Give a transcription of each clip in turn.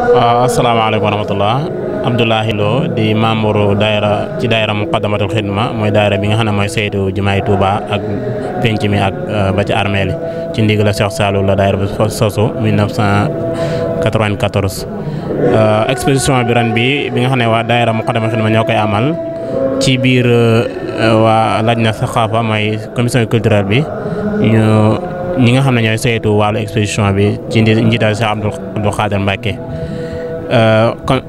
waaw ah, asalaamaaleykum wa rahmatullah Abdoulahi Lo di membre daayira ci daayira Muqaddamatul Xidma mooy daayira bi nga xam ne mooy saytu jumaay Touba ak penc mi ak ah, ba ci armeel yi ci ndigal la Cheikh Saliou la daayira bi sosu 1994 ah, exposition bi ren bi bi nga xam ne waa daayira Muqaddamatul Xidma ñoo koy amal ci biir waa laaj na saxaafa mooy commission culturelle bi ñi nga xam ne ñooy saytu wàllu exposition bi ci njiital Cheikh Abdou Abdou Khader Mbacke euh, kon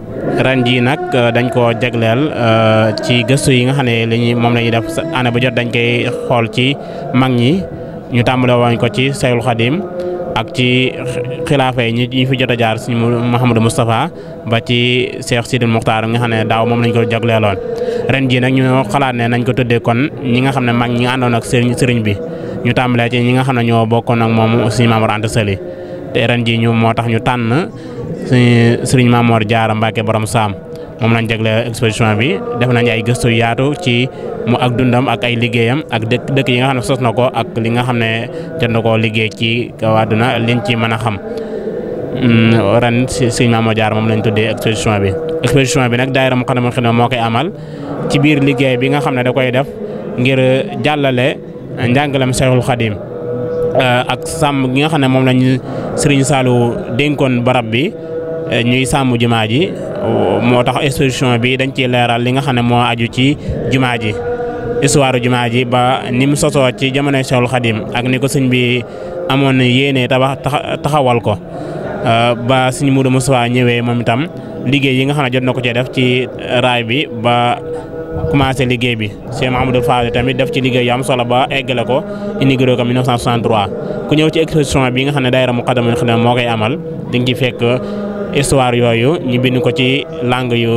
ren jii nag euh, dañ ko jagleel euh, ci gëstu yi nga xam ne lañuy moom la ñuy def année bu jot dañ koy xool ci mag ñi ñu tàmbale woon ko ci Seyul Xadim ak ci xilaafa yi ñi fi jot a jaar suñu Mouhamadou Moustapha ba ci Cheikh Sidil Muxtaar nga xam ne daaw moom lañ ko jagleeloon ren jii nag ñu xalaat ne nañ ko tuddee kon ñi nga xam ne mag ñi àndoon ak sëriñ sëriñ bi ñu tàmbalee ci ñi nga xam ne ñoo bokkoon ak moom suñu Maam Mor Anta Sali te moo tax ñu tànn suñu sëriñ Maam Mor Jaara Mbàkke borom saam moom lañ jagle exposition bi def nañ ay gëstu yaatu ci mu ak dundam ak ay liggéeyam ak dëkk dëkk yi nga xam ne sos na ko ak li nga xam ne jot na koo liggéey ci kaw àdduna liñ ci man a xam mm, ren sëriñ Maam Mor Jaara moom lañ tuddee exposition bi. exposition bi nag daayira mu xanaa mu moo koy amal ci biir liggéey bi nga xam ne da koy def ngir jàllale. njàngalam Seexul Xadim eh, ak sàmm gi nga xam ne moom lañu Serigne Saliou dénkoon barab bi eh, ñuy sàmm jumaa ji moo tax exposition bi dañ ciy leeral li nga xam ne moo aju ci jumaa ji histoire jumaa ji ba ni mu sosoo ci jamonoy Seexul Xadim ak ni ko sëñ bi amoon yéene tabax taxawal ko eh, ba sëñ Moudou Moussa ñëwee moom itam liggéey yi nga xam ne jot na ko cee def ci raay bi commencé liguey bi Cheikh Mahamadou fall tamit def ci liguey yam solo ba eggale ko inauguré ko 1963 ku ñew ci exposition bi nga xamné ne daayira Muqaddamatul xamné mo koy amal di nga ci fekk histoire yoyu ñu bind ko ci langue yu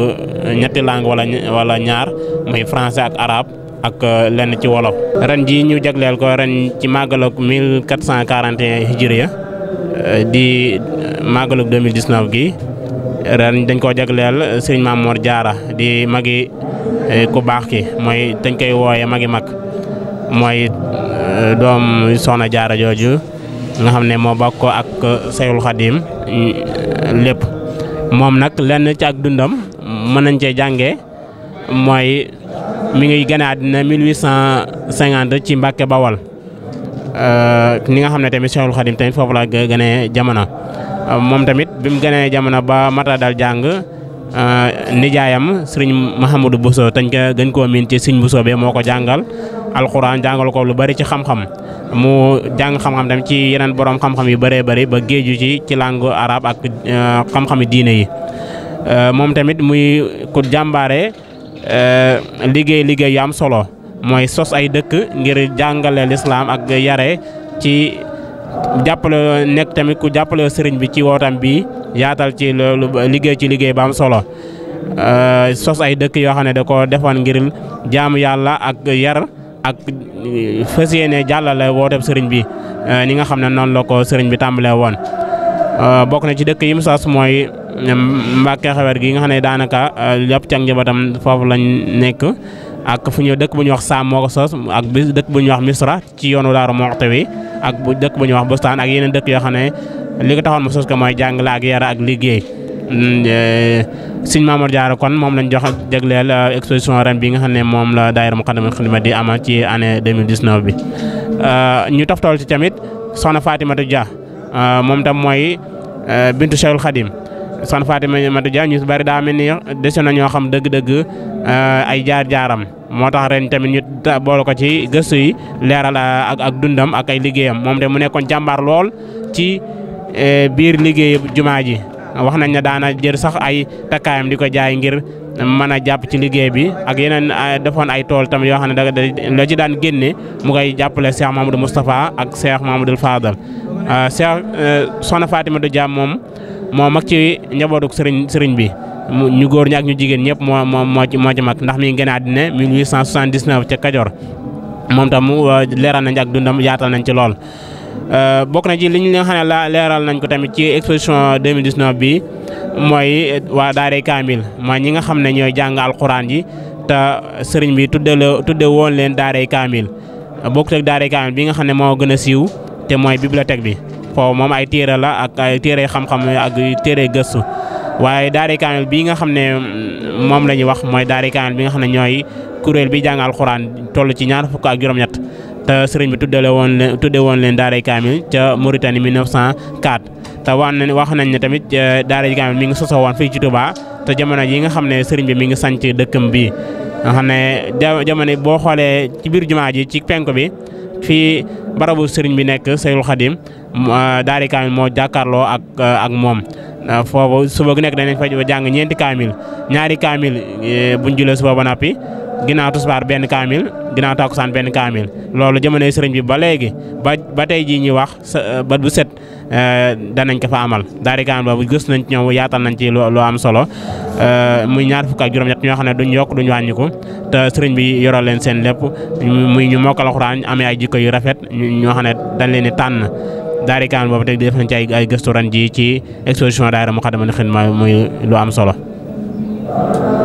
ñetti langue wala wala ñaar muy français ak arab ak euh, lenn ci wolof ren ji ñu jagleel ko ren ci magalok 1441 hijriya euh, di euh, magalok 2019 gi ren dañ ko jagleel serigne Mamour Diarra di magi Eh, ku baax ki mooy dañ koy wooye magi mag mooy eh, doom soxna jaara jooju nga xam ne moo bokk ak eh, sayul xadim lépp moom nag lenn ci ak dundam mën nañ cee jànge mooy mi ngi gane àddina 1850 ci Mbàkke Bawal ni nga xam ne tamit Cheikhul Khadim tamit foofu la gënee jamono moom tamit bi mu gënee jamono ba mata dal jàng Euh, nijaayam sëriñ Mahamadou Bousso tañ ka gën koo miin ci sëriñ Bousso be moo ko jàngal alxuraan jàngal ko lu bari ci xam-xam mu jàng xam-xam tam ci yeneen boroom xam-xam yu bëree bëri ba géeju ci ci langue arabe ak euh, xam-xami diine yi euh, moom tamit muy ku jàmbaare liggéey liggéey yu am solo mooy sos ay dëkk ngir jàngale lislaam ak yare ci jàppale nekk tamit ku jàppale sëriñ bi ci wootam bi yaatal ci loolu liggéey ci liggéey ba am solo euh, sos ay dëkk yoo xam ne da ko defoon ngir jaamu yàlla ak yar ak euh, fas yéene jàllale wooteeb sëriñ bi euh, ni nga xam ne noonu la ko sëriñ bi tàmbalee woon. bokk na ci dëkk yi mu sos mooy Mbàkke xewet gi nga xam ne daanaka lépp ca njabootam foofu lañ nekk. ak fu ñu dëkk bu ñuy wax Saam moo ko sos ak dëkk bu ñuy wax Misra ci yoonu Daaru Muxti wi ak bu dëkk bu wax Bustaan ak yeneen dëkk yoo ko taxoon mu sos ko mooy jàngale ak yara ak liggéey. Mm, eh, Sëñ Mamour Diarra kon moom lañ jox jagleel eh, exposition ren bi nga xam ne moom la daayira Muqaddamatul Xidma di amal ci année bi euh, ñu toftal ci tamit soxna Fatimatu Dia euh, moom tam mooy euh, bintu Cheikhul Khadim son Fatima Madu Dia ñu bari daa mel ni ñoo xam dëgg-dëgg euh, ay jaar-jaaram moo tax ren tamit ñu boole ko ci gëstu yi leeral euh, ak ak dundam ak ay liggéeyam moom de mu nekkoon jàmbaar lool ci euh, biir liggéey jumaa ji wax nañ ne daana jër sax ay takkaayam di ko jaay ngir mën a jàpp ci liggéey bi ak yeneen defoon ay tool tamit yoo xam ne da la ci daan génne mu koy jàppale Cheikh Mamadou Moustapha ak Cheikh Mamadou Fadal Cheikh Soxna Fatima Dia moom moo mag ci njabootuk sëriñ sëriñ bi ñu góor ñi ñu jigéen ñëpp moo moo moo ci moo ci mag ndax mi ngi gën a àddina 1879 ca Kajoor moom tam euh, leeral nañ ak dundam yaatal nañ ci lool. Euh, bokk na li ñu nga xam ne la leeral nañ ko tamit ci exposition 2019 bi mooy euh, waa Daaray Kaamil mooy ñi nga xam ne ñooy jàng alxuraan yi te sëriñ bi tudde la tudde woon leen Daaray Kaamil bokkut ak Daaray Kaamil bi nga xam ne moo gën a siiw te mooy bibliothèque bi. foofu moom ay téere la ak ay téere xam-xam ak téere gëstu waaye daari kaamil bii nga xam ne mm, moom la wax mooy daari kaamil bi nga xam ne ñooy kuréel bi jàng alxuraan toll ci ñaar fukk ak juróom-ñett te sëriñ bi tuddale woon leen tudde woon leen daari kaamil ca Mauritanie 1904 te wax nañ wax nañ ne tamit eh, daari kaamil mi ngi sosoo woon fii ci Touba te jamono yi nga xam ne sëriñ bi mi ngi sanc dëkkam bii nga xam ne jamono boo xoolee ci biir jumaa ji ci penk bi fii barabu sëriñ bi nekk Seydul Xadim ah, daari kaamil moo jàkkaarloo ak ah, moom ah, foofu suba gu nekk danañ fa jàng ñeenti kaamil ñaari kaamil eh, buñ julee suba ba nappi ginnaaw tusbaar benn kaamil ginnaaw takkusaan benn kaamil loolu jamonoy sëriñ bi ba léegi ba tey jii wax bët bu set Eh, danañ ko fa amal daal di gaan boobu gës nañ ci ñoom yaatal nañ ci lu am solo eh, muy ñaar fukk ak juróom-ñett ñoo xam ne duñ yokk duñ ko te sëriñ bi yoral leen seen lépp muy ñu mokkal alxuraan amee ay jikko yu rafet ñoo xam ne dañ leen di tànn daal di gaan boobu teg def nañ ci ay ay gëstu ren ji ci exposition daayira Moukhaddamatoul Khidma muy lu am solo